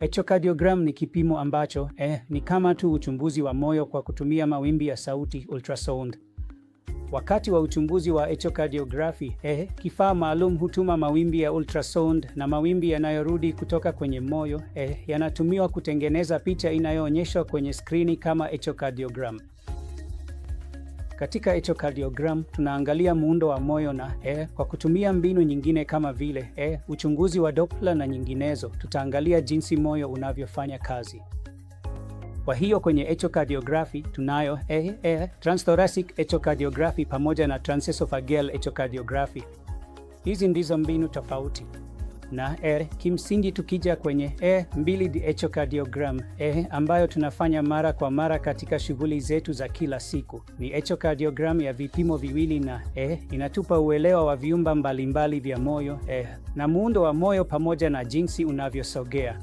Echocardiogram ni kipimo ambacho eh, ni kama tu uchunguzi wa moyo kwa kutumia mawimbi ya sauti ultrasound. Wakati wa uchunguzi wa echocardiography eh, kifaa maalum hutuma mawimbi ya ultrasound na mawimbi yanayorudi kutoka kwenye moyo eh, yanatumiwa kutengeneza picha inayoonyeshwa kwenye skrini kama echocardiogram. Katika echocardiogram tunaangalia muundo wa moyo na e, kwa kutumia mbinu nyingine kama vile e, uchunguzi wa Doppler na nyinginezo, tutaangalia jinsi moyo unavyofanya kazi. Kwa hiyo kwenye echocardiography tunayo e, e, transthoracic echocardiography pamoja na transesophageal echocardiography. Hizi ndizo mbinu tofauti na R. Kimsingi tukija kwenye E2 echocardiogram, E ambayo tunafanya mara kwa mara katika shughuli zetu za kila siku, ni echocardiogram ya vipimo viwili, na E inatupa uelewa wa viumba mbalimbali vya moyo E na muundo wa moyo pamoja na jinsi unavyosogea.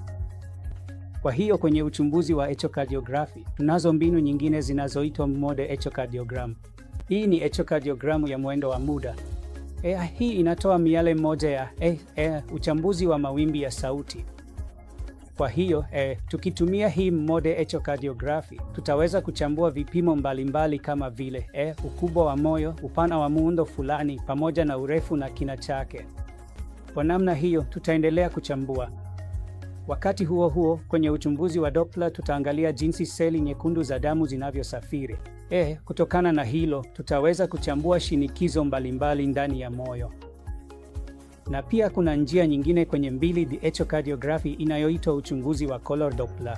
Kwa hiyo kwenye uchunguzi wa echocardiography tunazo mbinu nyingine zinazoitwa mode echocardiogram. Hii ni echocardiogramu ya mwendo wa muda. AI hii inatoa miale moja ya AI, eh, AI, eh, uchambuzi wa mawimbi ya sauti. Kwa hiyo eh, tukitumia hii mode echocardiography tutaweza kuchambua vipimo mbalimbali mbali kama vile eh, ukubwa wa moyo, upana wa muundo fulani, pamoja na urefu na kina chake. Kwa namna hiyo tutaendelea kuchambua Wakati huo huo, kwenye uchunguzi wa Doppler tutaangalia jinsi seli nyekundu za damu zinavyosafiri. E, kutokana na hilo tutaweza kuchambua shinikizo mbalimbali ndani ya moyo. Na pia kuna njia nyingine kwenye 2D echocardiography inayoitwa uchunguzi wa color Doppler.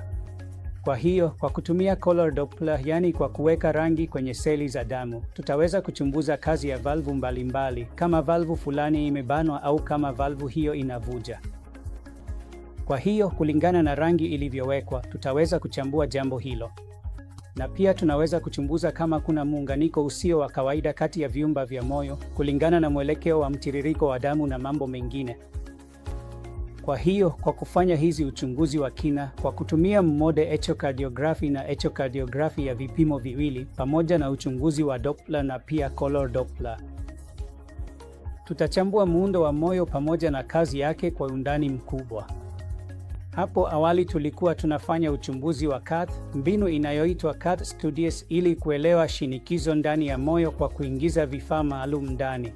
Kwa hiyo, kwa kutumia color Doppler, yaani kwa kuweka rangi kwenye seli za damu, tutaweza kuchunguza kazi ya valvu mbalimbali, kama valvu fulani imebanwa au kama valvu hiyo inavuja. Kwa hiyo kulingana na rangi ilivyowekwa, tutaweza kuchambua jambo hilo, na pia tunaweza kuchunguza kama kuna muunganiko usio wa kawaida kati ya viumba vya moyo kulingana na mwelekeo wa mtiririko wa damu na mambo mengine. Kwa hiyo kwa kufanya hizi uchunguzi wa kina kwa kutumia mmode echocardiography na echocardiography ya vipimo viwili pamoja na uchunguzi wa Doppler na pia color Doppler, tutachambua muundo wa moyo pamoja na kazi yake kwa undani mkubwa. Hapo awali tulikuwa tunafanya uchunguzi wa Kath, mbinu inayoitwa Kath Studies ili kuelewa shinikizo ndani ya moyo kwa kuingiza vifaa maalum ndani.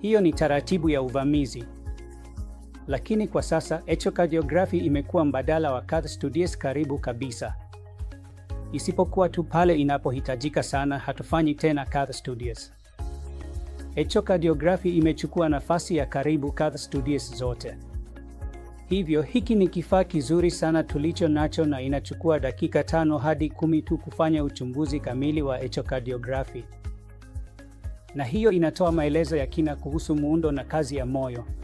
Hiyo ni taratibu ya uvamizi. Lakini kwa sasa echocardiography imekuwa mbadala wa Kath Studies karibu kabisa. Isipokuwa tu pale inapohitajika sana, hatufanyi tena Kath Studies. Echocardiography imechukua nafasi ya karibu Kath Studies zote. Hivyo hiki ni kifaa kizuri sana tulicho nacho na inachukua dakika tano hadi kumi tu kufanya uchunguzi kamili wa echocardiography, na hiyo inatoa maelezo ya kina kuhusu muundo na kazi ya moyo.